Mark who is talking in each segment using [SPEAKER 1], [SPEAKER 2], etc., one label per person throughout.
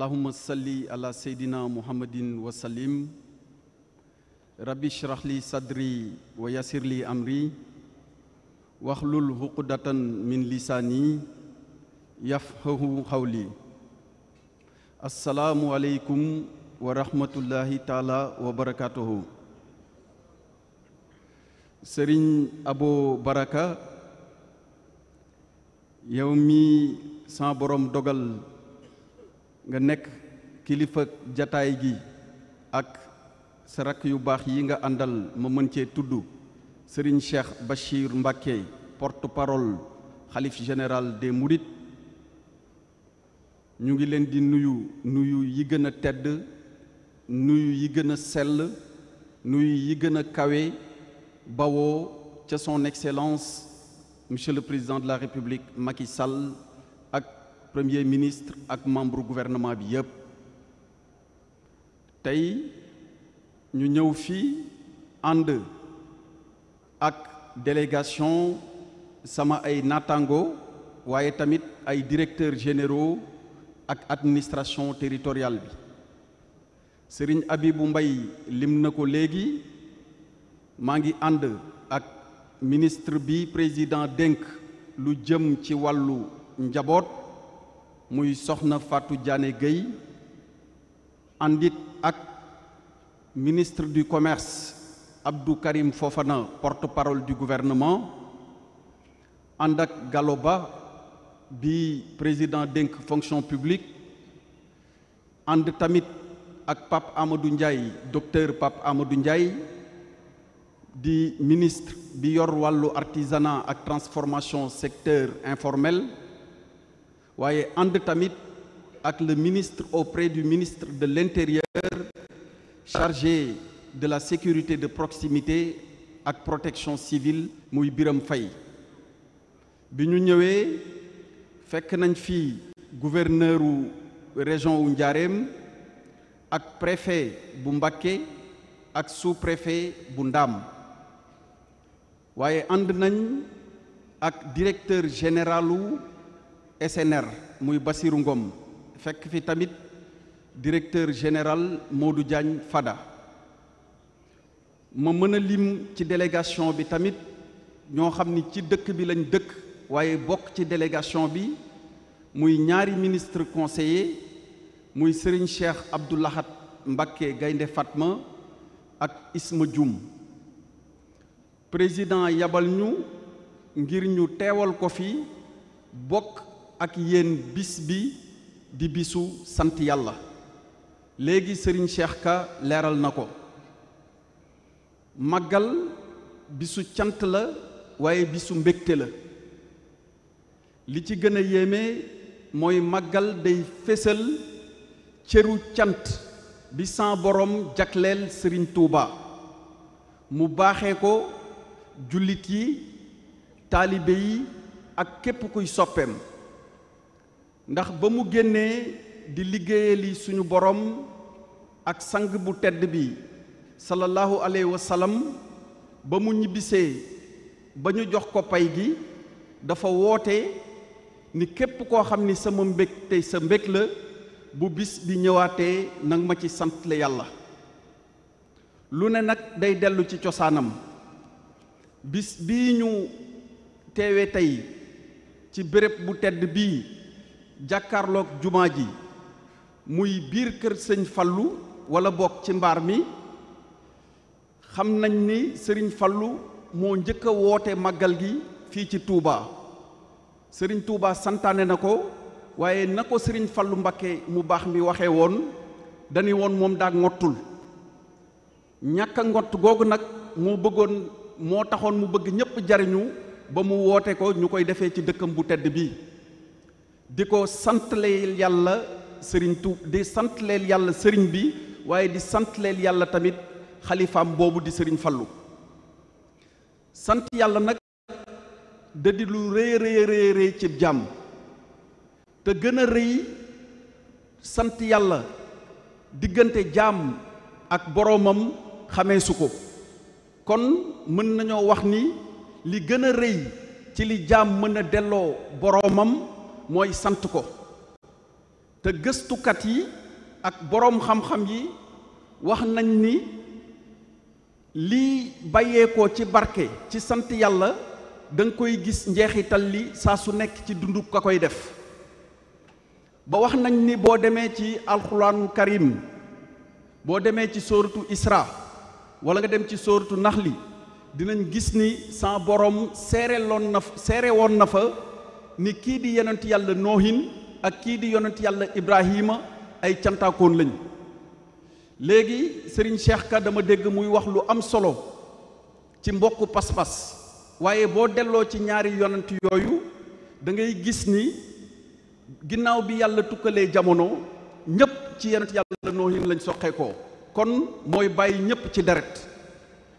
[SPEAKER 1] allahuma salli ala seydina muhammadin wa sallim rabbi shrah li sadri wa yassir li amri waxlul huqdatan min lisaani yafqahu xawli assalaamu aleykum wa rahmatullahi taala wa barakatuhu sëriñ abo baraka yow mi sa borom dogal nga nekk kilifa jataay gi ak sa rakk yu baax yi nga àndal ma mën cee tudd Serigne Cheikh Bachir Mbacké porte-parole xalif général de Mourides ñu ngi leen di nuyu nuyu yi gën a tedd nuyu yi gën a sell nuyu yi gën a kawe bawoo ca son excellence monsieur le président de la république Macky Sall premier ministre ak membre gouvernement bi yépp tey ñu ñëw fii ànd ak délégation sama ay naataango waaye tamit ay directeurs généraux ak administration territoriale bi abi bu mbay lim na ko léegi maa ngi ànd ak ministre bi président dénk lu jëm ci wàllu njaboot muy soxna Fatou Diané Gueye àndit ak ministre du commerce Abdou Karim Fofana porte-parole du gouvernement ànd ak Gallo Ba bi président dénk fonction publique ànd tamit ak Pape Amadou Ndiaye docteur Pape Amadou Ndiaye di ministre bi yor wàllu artisanat ak transformation secteur informel waaye ànd tamit ak le ministre au auprès du ministre de l'intérieur chargé de la sécurité de proximité ak protection civile muy Biram Faye bi ñu ñëwee fekk nañ fi gouverneur wu région wu Njaareem ak préfet bu Mbacké ak sous-préfet bu Ndaam waaye ànd nañ ak directeur général SNR muy basiru Ngom fekk fi tamit directeur général Modou Diagne Fada ma mën a lim ci délégation bi tamit ñoo xam ni ci dëkk bi lañ dëkk waaye bokk ci délégation bi muy ñaari ministre conseiller muy Serigne Cheikh Abdou Lahad Mbacké Gaynde Fatma ak Isma Dioum président yabal ñu ngir ñu teewal ko fi bokk ak yéen bis bi di bisu sant yàlla léegi sëriñ Cheikh Ka leeral na ko màggal bisu cant la waaye bisu mbégte la li ci gën a yéeme mooy màggal day fésal cëru cant bi san boroom jagleel sëriñ Touba mu baaxe ko jullit yi taalibe yi ak képp kuy soppeem ndax ba mu génnee di liggéeyali suñu boroom ak sang bu tedd bi sallallahu alayhi wa sallam ba mu ñibbisee ba ñu jox ko pay gi dafa woote ni képp koo xam ni sama mbég tey sa mbég la bu bis bi ñëwaatee nag ma ci sant la yàlla lu ne nag day dellu ci cosaanam bis bii ñu teewee tey ci béréb bu tedd bii jàkkaarloog jumaa ji muy biir kër sëñ fallu walla bokk ci mbaar mi xam nañ ni sëriñ fallu moo njëkk a woote màggal gi fii ci tuubaa sëriñ tuubaa santaane na ko waaye na ko sëriñ fallu Mbakke mu baax mi waxee woon dañu woon moom daa ngottul ñàkk ngott googu nag moo bëggoon moo taxoon mu bëgg ñépp jariñu ba mu woote ko ñu koy defee ci dëkkam bu tedd bii di ko santleel yàlla sëriñ tu di santleel yàlla sëriñ bi waaye di santleel yàlla tamit xalifaam boobu di sëriñ fallu sant yàlla nag da di lu rëy rëy rëy cib jàmm te gën a rëy sant yàlla diggante jaam ak boroomam xamee ko kon mën nañoo wax ni li gën a rëy ci li jaam mën a delloo boroomam mooy sant ko te gëstukat yi ak boroom xam-xam yi wax nañ ni lii bàyyeekoo ci barke ci sant yàlla danga koy gis njeexital li saa su nekk ci dundu ka koy def ba wax nañ ni boo demee ci alxulaanu karim boo demee ci sóoratu isra wala nga dem ci sóoratu li dinañ gis ni sa boroom seere na seere woon na fa ni kii di yonent yàlla noohin ak kii di yonent yàlla ibrahima ay cantaakoon lañ léegi sëriñ Cheikh Ka dama dégg muy wax lu am solo ci mbokku pas-pas waaye boo delloo ci ñaari yonent yooyu da ngay gis ni ginnaaw bi yàlla tukkalee jamono ñépp ci yonent yàlla noohin lañ soqee kon mooy bàyyi ñépp ci deret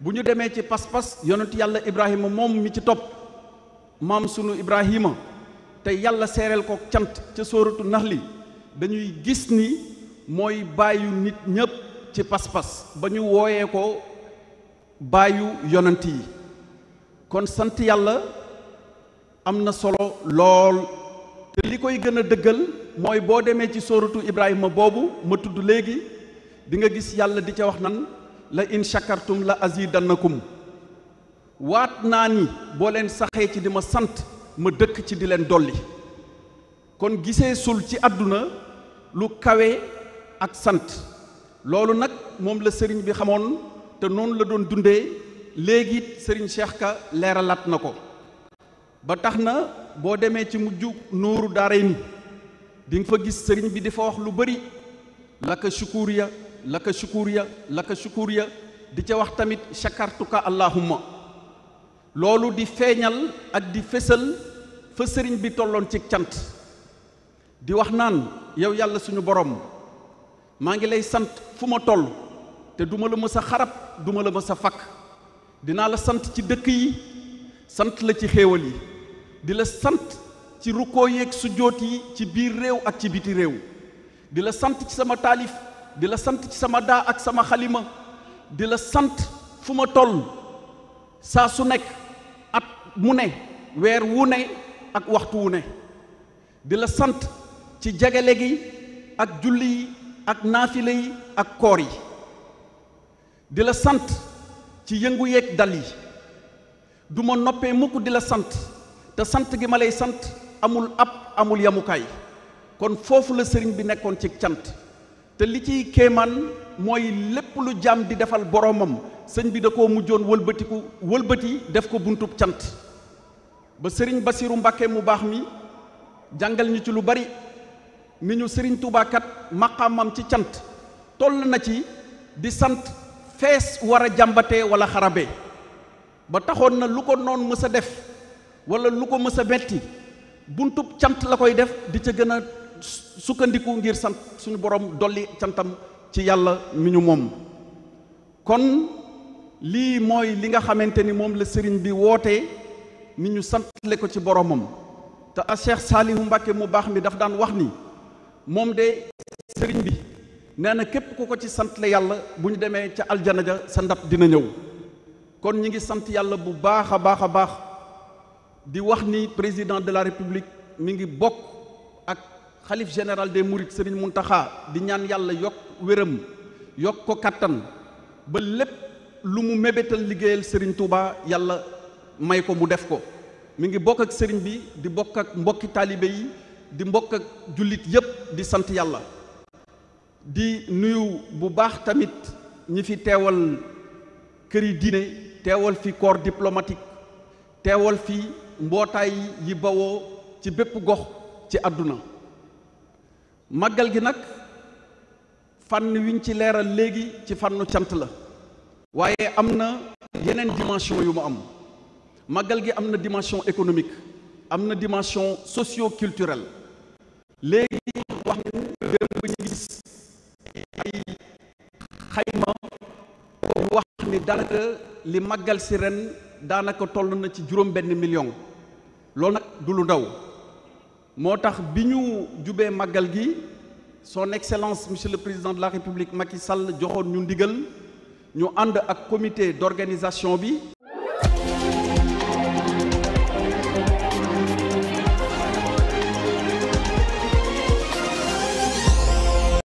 [SPEAKER 1] bu ñu demee ci pas-pas yonent yàlla ibrahima moom mi ci topp maam sunu ibrahima te yàlla seereel ko cant ca sóoratu nax li dañuy gis ni mooy bàyyu nit ñépp ci pas-pas ba ñu wooyee ko bàyyu yonant yi kon sant yàlla am na solo lool te li koy gën a dëggal mooy boo demee ci sóoratu ibraahima boobu ma tudd léegi di nga gis yàlla di ca wax nan la in shakartum la azidannakum waat naa ni boo leen saxee ci di ma sant ma dëkk ci di leen dolli kon gisee sul ci àdduna lu kawe ak sant loolu nag moom la sëriñ bi xamoon te noonu la doon dundee léegi it sëriñ Cheikh Ka leeralaat na ko ba tax na boo demee ci mujj nuuru daaray ni di nga fa gis sëriñ bi di fa wax lu bari laka shukuur ya laka shukuur ya laka shukuur ya di ca wax tamit shakartuka allahumma loolu di feeñal ak di fësal fa sëriñ bi tolloon ci cant di wax naan yow yàlla suñu borom maa ngi lay sant fu ma toll te duma la mës a xarab duma la mës a fakk dinaa la sant ci dëkk yi sant la ci xéewal yi di la sant ci rukkoo yeeg sujjóot yi ci biir réew ak ci biti réew di la sant ci sama taalif di la sant ci sama daa ak sama xalima di la sant fu ma toll saa su nekk at mu ne weer wu ne ak waxtu wu ne di la sant ci jagale gi ak julli yi ak naafile yi ak koor yi di la sant ci yëngu yeeg dal yi du ma noppee mukk di la sant te sant gi ma lay sant amul ab amul yamukaay kon foofu la sëriñ bi nekkoon ci cant te li ciy kéemaan mooy lépp lu jaam di defal boroomam sëñ bi da ko mujjoon wëlbatiku wëlbati def ko buntub cant ba sëriñ Basiru Mbàkke mu baax mi jàngal ñu ci lu bari ni ñu sëriñ Tuubaa kat ci cant toll na ci di sant fees war a jàmbatee wala xarabe ba taxoon na lu ko noon mës a def walla lu ko mës a metti buntub cant la koy def di ca gën a sukkandiku ngir sant suñu borom dolli cantam ci yàlla mi ñu moom kon lii mooy li nga xamante ni moom la sëriñ bi wootee ni ñu santle ko ci boroomam te a Cheikh Saalihu Mbàkke mu baax mi daf daan wax ni moom de sëriñ bi nee na képp ku ko ci santle yàlla bu ñu demee ca aljana ja sa ndab dina ñëw kon ñu ngi sant yàlla bu baax a baax a baax di wax ni président de la république mi ngi bokk ak xalif général des mourides sëriñ Muntaxa di ñaan yàlla yokk wéram yokk ko kattan ba lépp lu mu mébétal liggéeyal sëriñ Touba yàlla may ko mu def ko mu ngi bokk ak sëriñ bi di bokk ak mbokki taalibe yi di mbokk ak jullit yépp di sant yàlla di nuyu bu baax tamit ñi fi teewal këri dine teewal fi corps diplomatique teewal fi mbootaay yi bawoo ci bépp gox ci àdduna màggal gi nag fan wiñ ci leeral léegi ci fànnu cant la waaye am na yeneen dimension yu mu am màggal gi am na dimension économique am na dimension socio-culturelle léegi wax démb ñu gis ay xayma wax ni daanaka li màggal si ren daanaka toll na ci juróom benn million loolu nag du lu ndaw moo tax bi ñu jubee màggal gi son excellence monsieur le président de la république Macky Sall joxoon ñu ndigal ñu ànd ak comité d'organisation bi